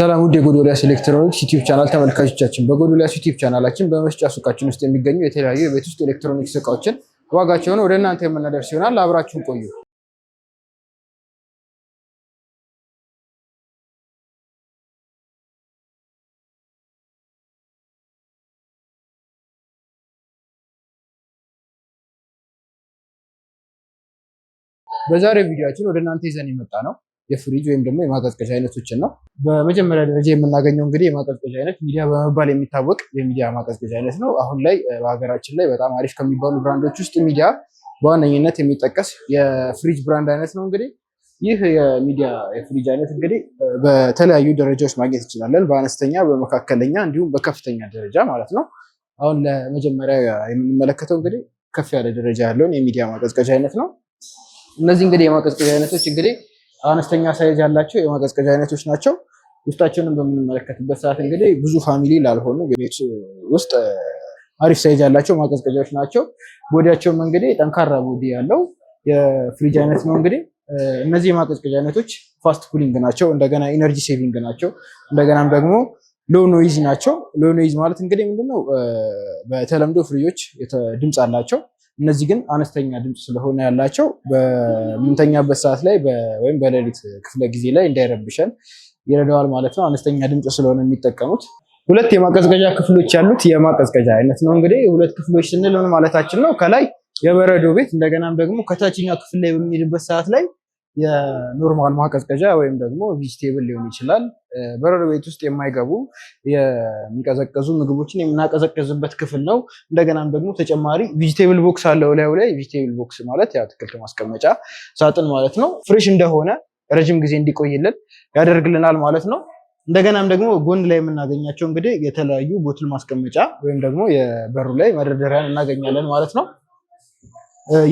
ሰላም ውድ የጎዶልያስ ኤሌክትሮኒክስ ዩቲዩብ ቻናል ተመልካቾቻችን፣ በጎዶልያስ ዩቲዩብ ቻናላችን በመስጫ ሱቃችን ውስጥ የሚገኙ የተለያዩ የቤት ውስጥ ኤሌክትሮኒክስ እቃዎችን ዋጋቸውን ወደ እናንተ የምናደርስ ይሆናል። አብራችሁን ቆዩ። በዛሬ ቪዲዮችን ወደ እናንተ ይዘን የመጣ ነው የፍሪጅ ወይም ደግሞ የማቀዝቀዣ አይነቶችን ነው። በመጀመሪያ ደረጃ የምናገኘው እንግዲህ የማቀዝቀዣ አይነት ሚዲያ በመባል የሚታወቅ የሚዲያ ማቀዝቀዣ አይነት ነው። አሁን ላይ በሀገራችን ላይ በጣም አሪፍ ከሚባሉ ብራንዶች ውስጥ ሚዲያ በዋነኝነት የሚጠቀስ የፍሪጅ ብራንድ አይነት ነው። እንግዲህ ይህ የሚዲያ የፍሪጅ አይነት እንግዲህ በተለያዩ ደረጃዎች ማግኘት እንችላለን። በአነስተኛ፣ በመካከለኛ እንዲሁም በከፍተኛ ደረጃ ማለት ነው። አሁን ለመጀመሪያ የምንመለከተው እንግዲህ ከፍ ያለ ደረጃ ያለውን የሚዲያ ማቀዝቀዣ አይነት ነው። እነዚህ እንግዲህ የማቀዝቀዣ አይነቶች እንግዲህ አነስተኛ ሳይዝ ያላቸው የማቀዝቀዣ አይነቶች ናቸው። ውስጣቸውንም በምንመለከትበት ሰዓት እንግዲህ ብዙ ፋሚሊ ላልሆኑ ቤት ውስጥ አሪፍ ሳይዝ ያላቸው ማቀዝቀዣዎች ናቸው። ቦዲያቸውም እንግዲህ ጠንካራ ቦዲ ያለው የፍሪጅ አይነት ነው። እንግዲህ እነዚህ የማቀዝቀዣ አይነቶች ፋስት ኩሊንግ ናቸው። እንደገና ኢነርጂ ሴቪንግ ናቸው። እንደገናም ደግሞ ሎ ኖይዝ ናቸው። ሎ ኖይዝ ማለት እንግዲህ ምንድነው? በተለምዶ ፍሪጆች ድምፅ አላቸው። እነዚህ ግን አነስተኛ ድምፅ ስለሆነ ያላቸው በምንተኛበት ሰዓት ላይ ወይም በሌሊት ክፍለ ጊዜ ላይ እንዳይረብሸን ይረዳዋል ማለት ነው። አነስተኛ ድምፅ ስለሆነ የሚጠቀሙት ሁለት የማቀዝቀዣ ክፍሎች ያሉት የማቀዝቀዣ አይነት ነው። እንግዲህ ሁለት ክፍሎች ስንል ምን ማለታችን ነው? ከላይ የበረዶ ቤት እንደገናም ደግሞ ከታችኛው ክፍል ላይ በሚሄድበት ሰዓት ላይ የኖርማል ማቀዝቀዣ ወይም ደግሞ ቪጅቴብል ሊሆን ይችላል። በረር ቤት ውስጥ የማይገቡ የሚቀዘቀዙ ምግቦችን የምናቀዘቅዝበት ክፍል ነው። እንደገናም ደግሞ ተጨማሪ ቪጅቴብል ቦክስ አለው ላዩ ላይ። ቪጅቴብል ቦክስ ማለት የአትክልት ማስቀመጫ ሳጥን ማለት ነው። ፍሬሽ እንደሆነ ረዥም ጊዜ እንዲቆይልን ያደርግልናል ማለት ነው። እንደገናም ደግሞ ጎን ላይ የምናገኛቸው እንግዲህ የተለያዩ ቦትል ማስቀመጫ ወይም ደግሞ የበሩ ላይ መደርደሪያን እናገኛለን ማለት ነው።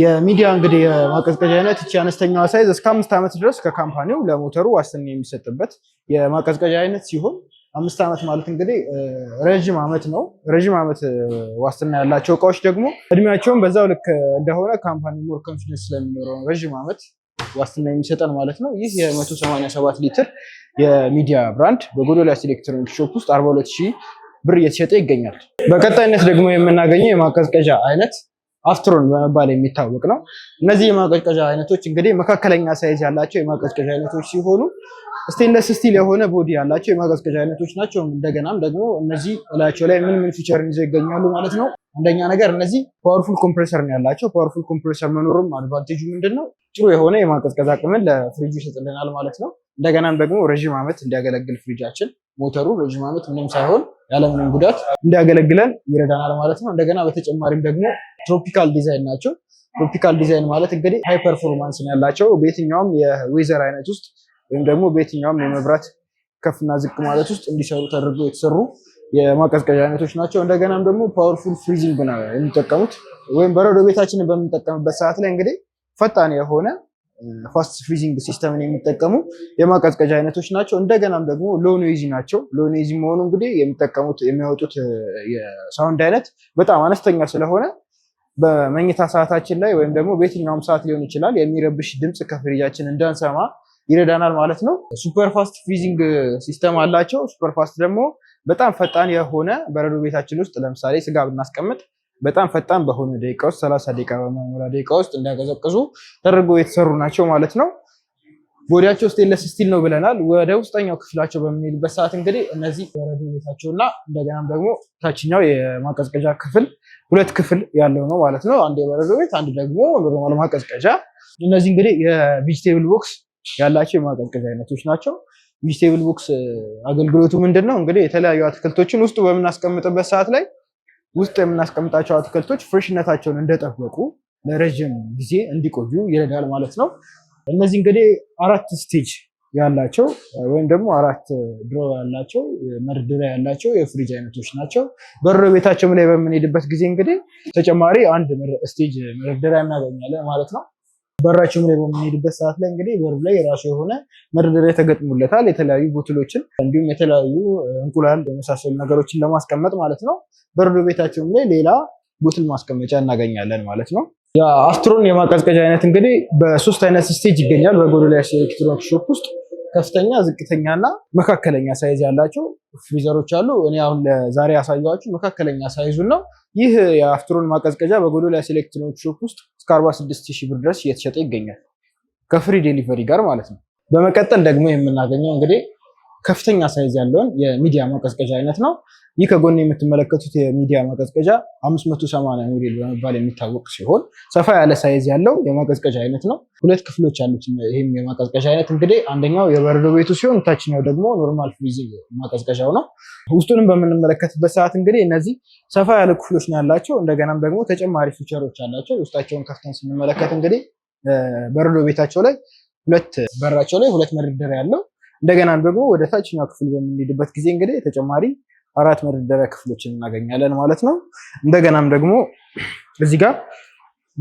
የሚዲያ እንግዲህ የማቀዝቀዣ አይነት እቺ አነስተኛዋ ሳይዝ እስከ አምስት ዓመት ድረስ ከካምፓኒው ለሞተሩ ዋስትና የሚሰጥበት የማቀዝቀዣ አይነት ሲሆን አምስት ዓመት ማለት እንግዲህ ረዥም ዓመት ነው። ረዥም ዓመት ዋስትና ያላቸው እቃዎች ደግሞ እድሜያቸውን በዛው ልክ እንደሆነ ካምፓኒ ሞር ኮንፊደንስ ስለሚኖረው ረዥም ዓመት ዋስትና የሚሰጠን ማለት ነው። ይህ የ187 ሊትር የሚዲያ ብራንድ በጎዶልያስ ኤሌክትሮኒክ ሾፕ ውስጥ 42000 ብር እየተሸጠ ይገኛል። በቀጣይነት ደግሞ የምናገኘው የማቀዝቀዣ አይነት አፍትሮን በመባል የሚታወቅ ነው። እነዚህ የማቀዝቀዣ አይነቶች እንግዲህ መካከለኛ ሳይዝ ያላቸው የማቀዝቀዣ አይነቶች ሲሆኑ ስቴንለስ ስቲል የሆነ ቦዲ ያላቸው የማቀዝቀዣ አይነቶች ናቸው። እንደገናም ደግሞ እነዚህ እላቸው ላይ ምን ምን ፊቸርን ይዘው ይገኛሉ ማለት ነው። አንደኛ ነገር እነዚህ ፓወርፉል ኮምፕሬሰር ነው ያላቸው። ፓወርፉል ኮምፕሬሰር መኖሩም አድቫንቴጁ ምንድን ነው? ጥሩ የሆነ የማቀዝቀዝ አቅምን ለፍሪጁ ይሰጥልናል ማለት ነው። እንደገናም ደግሞ ረዥም ዓመት እንዲያገለግል ፍሪጃችን ሞተሩ ረዥም ዓመት ምንም ሳይሆን ያለምንም ጉዳት እንዲያገለግለን ይረዳናል ማለት ነው። እንደገና በተጨማሪም ደግሞ ትሮፒካል ዲዛይን ናቸው። ትሮፒካል ዲዛይን ማለት እንግዲህ ሃይ ፐርፎርማንስ ነው ያላቸው በየትኛውም የዌዘር አይነት ውስጥ ወይም ደግሞ በየትኛውም የመብራት ከፍና ዝቅ ማለት ውስጥ እንዲሰሩ ተደርገው የተሰሩ የማቀዝቀዣ አይነቶች ናቸው። እንደገናም ደግሞ ፓወርፉል ፍሪዚንግ ነው የሚጠቀሙት ወይም በረዶ ቤታችንን በምንጠቀምበት ሰዓት ላይ እንግዲህ ፈጣን የሆነ ፋስት ፍሪዚንግ ሲስተምን የሚጠቀሙ የማቀዝቀዣ አይነቶች ናቸው። እንደገናም ደግሞ ሎኖይዚ ናቸው። ሎኖይዚ መሆኑ እንግዲህ የሚጠቀሙት የሚያወጡት የሳውንድ አይነት በጣም አነስተኛ ስለሆነ በመኝታ ሰዓታችን ላይ ወይም ደግሞ በየትኛውም ሰዓት ሊሆን ይችላል የሚረብሽ ድምፅ ከፍሪጃችን እንዳንሰማ ይረዳናል ማለት ነው። ሱፐር ፋስት ፍሪዚንግ ሲስተም አላቸው። ሱፐር ፋስት ደግሞ በጣም ፈጣን የሆነ በረዶ ቤታችን ውስጥ ለምሳሌ ስጋ ብናስቀምጥ በጣም ፈጣን በሆነ ደቂቃ ውስጥ ሰላሳ ደቂቃ በማይሞላ ደቂቃ ውስጥ እንዳይቀዘቅዙ ተደርጎ የተሰሩ ናቸው ማለት ነው። ቦዲያቸው ስቴንለስ ስቲል ነው ብለናል። ወደ ውስጠኛው ክፍላቸው በምንሄድበት ሰዓት እንግዲህ እነዚህ በረዶ ቤታቸው እና እንደገናም ደግሞ ታችኛው የማቀዝቀዣ ክፍል ሁለት ክፍል ያለው ነው ማለት ነው። አንድ የበረዶ ቤት፣ አንድ ደግሞ ኖርማል ማቀዝቀዣ። እነዚህ እንግዲህ የቪጅቴብል ቦክስ ያላቸው የማቀዝቀዣ አይነቶች ናቸው። ቪጅቴብል ቦክስ አገልግሎቱ ምንድን ነው? እንግዲህ የተለያዩ አትክልቶችን ውስጡ በምናስቀምጥበት ሰዓት ላይ ውስጥ የምናስቀምጣቸው አትክልቶች ፍሬሽነታቸውን እንደጠበቁ ለረዥም ጊዜ እንዲቆዩ ይረዳል ማለት ነው። እነዚህ እንግዲህ አራት ስቴጅ ያላቸው ወይም ደግሞ አራት ድሮ ያላቸው መደርደሪያ ያላቸው የፍሪጅ አይነቶች ናቸው። በሮ ቤታቸውም ላይ በምንሄድበት ጊዜ እንግዲህ ተጨማሪ አንድ ስቴጅ መደርደሪያ እናገኛለን ማለት ነው። በራቸው ላይ በምንሄድበት ሰዓት ላይ እንግዲህ በሩ ላይ የራሱ የሆነ መደርደሪያ ተገጥሞለታል። የተለያዩ ቦትሎችን እንዲሁም የተለያዩ እንቁላል የመሳሰሉ ነገሮችን ለማስቀመጥ ማለት ነው። በርዶ ቤታችሁም ላይ ሌላ ቦትል ማስቀመጫ እናገኛለን ማለት ነው። የአስትሮን የማቀዝቀዣ አይነት እንግዲህ በሶስት አይነት ስቴጅ ይገኛል በጎዶልያስ ኤሌክትሮኒክስ ሾፕ ውስጥ ከፍተኛ፣ ዝቅተኛና መካከለኛ ሳይዝ ያላቸው ፍሪዘሮች አሉ። እኔ አሁን ለዛሬ ያሳየኋችሁ መካከለኛ ሳይዙን ነው። ይህ የአፍትሮን ማቀዝቀዣ በጎዶልያስ ኤሌክትሮኒክስ ሾፕ ውስጥ እስከ 46 ሺህ ብር ድረስ እየተሸጠ ይገኛል ከፍሪ ዴሊቨሪ ጋር ማለት ነው። በመቀጠል ደግሞ የምናገኘው እንግዲህ ከፍተኛ ሳይዝ ያለውን የሚዲያ ማቀዝቀዣ አይነት ነው። ይህ ከጎን የምትመለከቱት የሚዲያ ማቀዝቀዣ 580 ሚሊ በመባል የሚታወቅ ሲሆን ሰፋ ያለ ሳይዝ ያለው የማቀዝቀዣ አይነት ነው። ሁለት ክፍሎች ያሉት ይህም የማቀዝቀዣ አይነት እንግዲህ አንደኛው የበረዶ ቤቱ ሲሆን ታችኛው ደግሞ ኖርማል ፍሪዝ ማቀዝቀዣው ነው። ውስጡንም በምንመለከትበት ሰዓት እንግዲህ እነዚህ ሰፋ ያለ ክፍሎች ነው ያላቸው። እንደገናም ደግሞ ተጨማሪ ፊቸሮች አላቸው። ውስጣቸውን ከፍተን ስንመለከት እንግዲህ በረዶ ቤታቸው ላይ ሁለት በራቸው ላይ ሁለት መደርደሪያ ያለው እንደገና ደግሞ ወደ ታችኛው ክፍል በምንሄድበት ጊዜ እንግዲህ ተጨማሪ አራት መደርደሪያ ክፍሎችን እናገኛለን ማለት ነው። እንደገናም ደግሞ እዚህ ጋር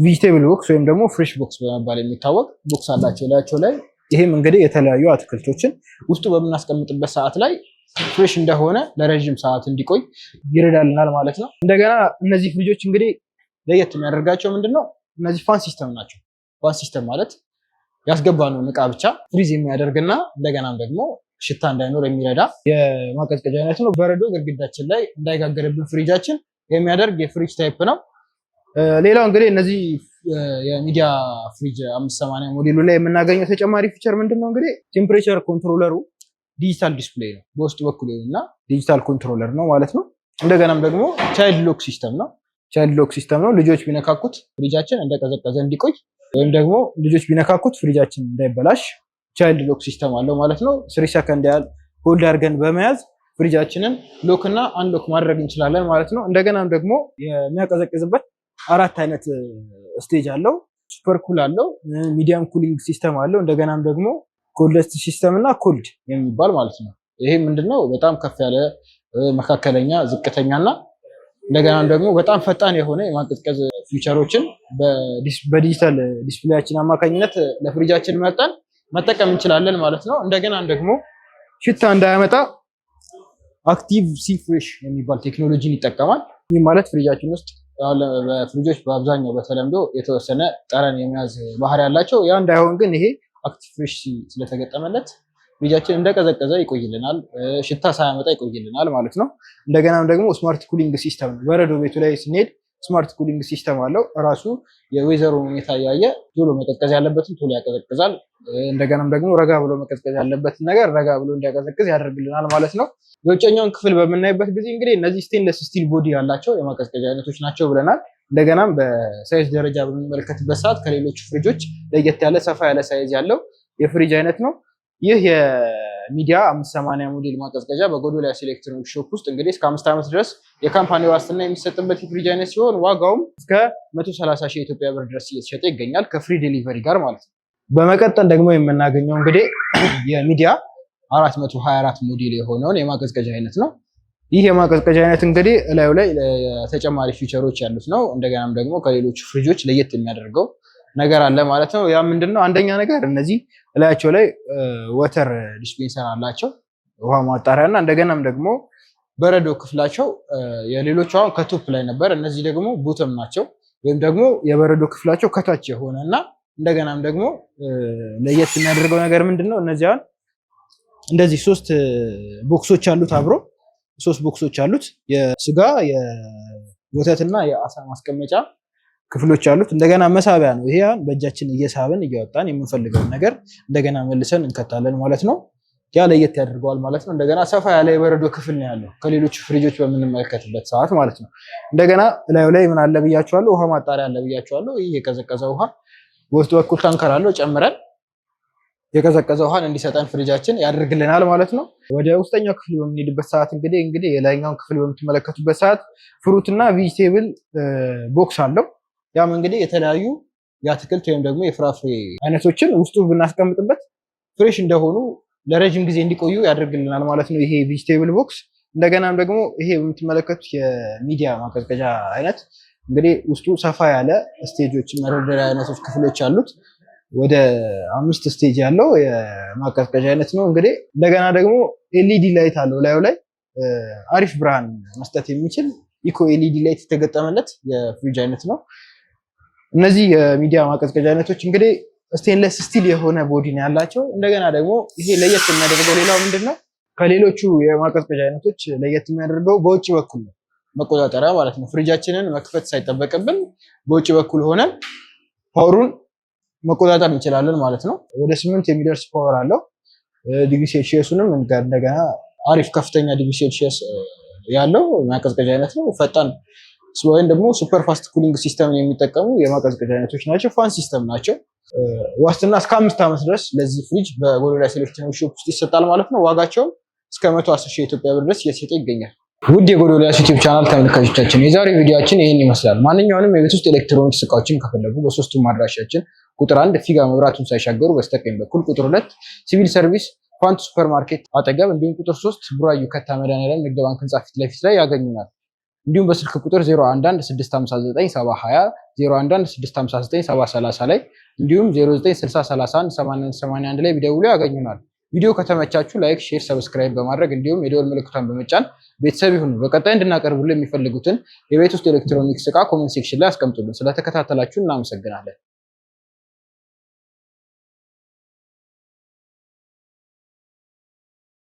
ቪጂቴብል ቦክስ ወይም ደግሞ ፍሬሽ ቦክስ በመባል የሚታወቅ ቦክስ አላቸው ላያቸው ላይ። ይህም እንግዲህ የተለያዩ አትክልቶችን ውስጡ በምናስቀምጥበት ሰዓት ላይ ፍሬሽ እንደሆነ ለረዥም ሰዓት እንዲቆይ ይረዳልናል ማለት ነው። እንደገና እነዚህ ፍሪጆች እንግዲህ ለየት የሚያደርጋቸው ምንድን ነው? እነዚህ ፋን ሲስተም ናቸው። ፋን ሲስተም ማለት ያስገባነውን እቃ ብቻ ፍሪዝ የሚያደርግና እንደገናም ደግሞ ሽታ እንዳይኖር የሚረዳ የማቀዝቀዣ አይነት ነው። በረዶ ግድግዳችን ላይ እንዳይጋገርብን ፍሪጃችን የሚያደርግ የፍሪጅ ታይፕ ነው። ሌላው እንግዲህ እነዚህ የሚዲያ ፍሪጅ አምስት ሰማንያ ሞዴሉ ላይ የምናገኘው ተጨማሪ ፊቸር ምንድን ነው? እንግዲህ ቴምፕሬቸር ኮንትሮለሩ ዲጂታል ዲስፕሌይ ነው። በውስጥ በኩል እና ዲጂታል ኮንትሮለር ነው ማለት ነው። እንደገናም ደግሞ ቻይልድ ሎክ ሲስተም ነው። ቻይልድ ሎክ ሲስተም ነው። ልጆች ቢነካኩት ፍሪጃችን እንደቀዘቀዘ እንዲቆይ ወይም ደግሞ ልጆች ቢነካኩት ፍሪጃችን እንዳይበላሽ ቻይልድ ሎክ ሲስተም አለው ማለት ነው። ስሪ ሰከንድ ያህል ሆልድ አድርገን በመያዝ ፍሪጃችንን ሎክ እና አንሎክ ማድረግ እንችላለን ማለት ነው። እንደገናም ደግሞ የሚያቀዘቅዝበት አራት አይነት ስቴጅ አለው። ሱፐር ኩል አለው፣ ሚዲያም ኩሊንግ ሲስተም አለው። እንደገናም ደግሞ ኮልደስት ሲስተም እና ኮልድ የሚባል ማለት ነው። ይሄ ምንድነው በጣም ከፍ ያለ፣ መካከለኛ፣ ዝቅተኛ እና እንደገናም ደግሞ በጣም ፈጣን የሆነ የማቀዝቀዝ ፊውቸሮችን በዲጂታል ዲስፕሌያችን አማካኝነት ለፍሪጃችን መጠን መጠቀም እንችላለን ማለት ነው። እንደገና ደግሞ ሽታ እንዳያመጣ አክቲቭ ሲፍሬሽ የሚባል ቴክኖሎጂን ይጠቀማል። ይህ ማለት ፍሪጃችን ውስጥ ፍሪጆች በአብዛኛው በተለምዶ የተወሰነ ጠረን የመያዝ ባህሪ ያላቸው፣ ያ እንዳይሆን ግን ይሄ አክቲቭ ፍሬሽ ስለተገጠመለት ፍሪጃችን እንደቀዘቀዘ ይቆይልናል፣ ሽታ ሳያመጣ ይቆይልናል ማለት ነው። እንደገናም ደግሞ ስማርት ኩሊንግ ሲስተም በረዶ ቤቱ ላይ ስንሄድ ስማርት ኩሊንግ ሲስተም አለው። እራሱ የወይዘሮን ሁኔታ እያየ ቶሎ መቀዝቀዝ ያለበትን ቶሎ ያቀዘቅዛል። እንደገናም ደግሞ ረጋ ብሎ መቀዝቀዝ ያለበትን ነገር ረጋ ብሎ እንዲያቀዘቅዝ ያደርግልናል ማለት ነው። የውጨኛውን ክፍል በምናይበት ጊዜ እንግዲህ እነዚህ ስቴንለስ ስቲል ቦዲ ያላቸው የማቀዝቀዣ አይነቶች ናቸው ብለናል። እንደገናም በሳይዝ ደረጃ በምንመለከትበት ሰዓት ከሌሎች ፍሪጆች ለየት ያለ ሰፋ ያለ ሳይዝ ያለው የፍሪጅ አይነት ነው ይህ ሚዲያ አምስት ሰማንያ ሞዴል ማቀዝቀዣ በጎዶልያስ ኤሌክትሮኒክ ሾፕ ውስጥ እንግዲህ እስከ አምስት ዓመት ድረስ የካምፓኒ ዋስትና የሚሰጥበት የፍሪጅ አይነት ሲሆን ዋጋውም እስከ 130 ሺህ የኢትዮጵያ ብር ድረስ እየተሸጠ ይገኛል ከፍሪ ዴሊቨሪ ጋር ማለት ነው። በመቀጠል ደግሞ የምናገኘው እንግዲህ የሚዲያ 424 ሞዴል የሆነውን የማቀዝቀዣ አይነት ነው። ይህ የማቀዝቀዣ አይነት እንግዲህ እላዩ ላይ ተጨማሪ ፊቸሮች ያሉት ነው። እንደገናም ደግሞ ከሌሎቹ ፍሪጆች ለየት የሚያደርገው ነገር አለ ማለት ነው። ያ ምንድነው? አንደኛ ነገር እነዚህ እላያቸው ላይ ወተር ዲስፔንሰር አላቸው ውሃ ማጣሪያና እንደገናም ደግሞ በረዶ ክፍላቸው የሌሎቹ አሁን ከቶፕ ላይ ነበር፣ እነዚህ ደግሞ ቦተም ናቸው። ወይም ደግሞ የበረዶ ክፍላቸው ከታች የሆነ እና እንደገናም ደግሞ ለየት የሚያደርገው ነገር ምንድነው? እነዚህ አሁን እንደዚህ ሶስት ቦክሶች አሉት አብሮ ሶስት ቦክሶች አሉት የስጋ የወተትና የአሳ ማስቀመጫ ክፍሎች አሉት። እንደገና መሳቢያ ነው። ይሄ በእጃችን እየሳብን እያወጣን የምንፈልገውን ነገር እንደገና መልሰን እንከታለን ማለት ነው። ያ ለየት ያደርገዋል ማለት ነው። እንደገና ሰፋ ያለ የበረዶ ክፍል ነው ያለው ከሌሎች ፍሪጆች በምንመለከትበት ሰዓት ማለት ነው። እንደገና ላዩ ላይ ምን አለ ብያቸዋለሁ፣ ውሃ ማጣሪያ አለ ብያቸዋለሁ። ይህ የቀዘቀዘ ውሃ በውስጥ በኩል ታንከር አለው ጨምረን የቀዘቀዘ ውሃን እንዲሰጠን ፍሪጃችን ያደርግልናል ማለት ነው። ወደ ውስጠኛው ክፍል በምንሄድበት ሰዓት እንግዲህ እንግዲህ የላይኛውን ክፍል በምትመለከቱበት ሰዓት ፍሩትና ቪጅቴብል ቦክስ አለው ያም እንግዲህ የተለያዩ የአትክልት ወይም ደግሞ የፍራፍሬ አይነቶችን ውስጡ ብናስቀምጥበት ፍሬሽ እንደሆኑ ለረዥም ጊዜ እንዲቆዩ ያደርግልናል ማለት ነው ይሄ ቬጅቴብል ቦክስ። እንደገናም ደግሞ ይሄ የምትመለከቱት የሚዲያ ማቀዝቀዣ አይነት እንግዲህ ውስጡ ሰፋ ያለ ስቴጆች መደርደሪያ አይነቶች ክፍሎች አሉት። ወደ አምስት ስቴጅ ያለው የማቀዝቀዣ አይነት ነው። እንግዲህ እንደገና ደግሞ ኤልኢዲ ላይት አለው ላዩ ላይ አሪፍ ብርሃን መስጠት የሚችል ኢኮ ኤልኢዲ ላይት የተገጠመለት የፍሪጅ አይነት ነው። እነዚህ የሚዲያ ማቀዝቀዣ አይነቶች እንግዲህ ስቴንለስ ስቲል የሆነ ቦዲ ነው ያላቸው። እንደገና ደግሞ ይሄ ለየት የሚያደርገው ሌላው ምንድን ነው? ከሌሎቹ የማቀዝቀዣ አይነቶች ለየት የሚያደርገው በውጭ በኩል ነው መቆጣጠሪያ ማለት ነው። ፍሪጃችንን መክፈት ሳይጠበቅብን በውጭ በኩል ሆነን ፓወሩን መቆጣጠር እንችላለን ማለት ነው። ወደ ስምንት የሚደርስ ፓወር አለው። ዲግሪ ሴልሺየሱንም እንደገና አሪፍ ከፍተኛ ዲግሪ ሴልሺየስ ያለው ማቀዝቀዣ አይነት ነው። ፈጣን ወይም ደግሞ ሱፐር ፋስት ኩሊንግ ሲስተምን የሚጠቀሙ የማቀዝቀዣ አይነቶች ናቸው። ፋን ሲስተም ናቸው። ዋስትና እስከ አምስት ዓመት ድረስ ለዚህ ፍሪጅ በጎዶልያ ሴሌክሽን ሾፕ ውስጥ ይሰጣል ማለት ነው። ዋጋቸውም እስከ መቶ አስር ሺህ የኢትዮጵያ ብር ድረስ እየተሸጠ ይገኛል። ውድ የጎዶልያስ ዩቲዩብ ቻናል ተመልካቾቻችን የዛሬ ቪዲዮችን ይህን ይመስላል። ማንኛውንም የቤት ውስጥ ኤሌክትሮኒክስ እቃዎችን ከፈለጉ በሶስቱም አድራሻችን ቁጥር አንድ ፊጋ መብራቱን ሳይሻገሩ በስተቀኝ በኩል ቁጥር ሁለት ሲቪል ሰርቪስ ፓንት ሱፐርማርኬት አጠገብ እንዲሁም ቁጥር ሶስት ቡራዩ ከታ መድኃኒዓለም ንግድ ባንክ ህንጻ ፊት ለፊት ላይ ያገኙናል። እንዲሁም በስልክ ቁጥር 0116597020 ላይ እንዲሁም 0960318181 ላይ ቢደውሉ ያገኙናል። ቪዲዮ ከተመቻችሁ ላይክ፣ ሼር፣ ሰብስክራይብ በማድረግ እንዲሁም የደወል ምልክቷን በመጫን ቤተሰብ ይሁኑ። በቀጣይ እንድናቀርብልን የሚፈልጉትን የቤት ውስጥ ኤሌክትሮኒክስ እቃ ኮመንት ሴክሽን ላይ አስቀምጡልን። ስለተከታተላችሁ እናመሰግናለን።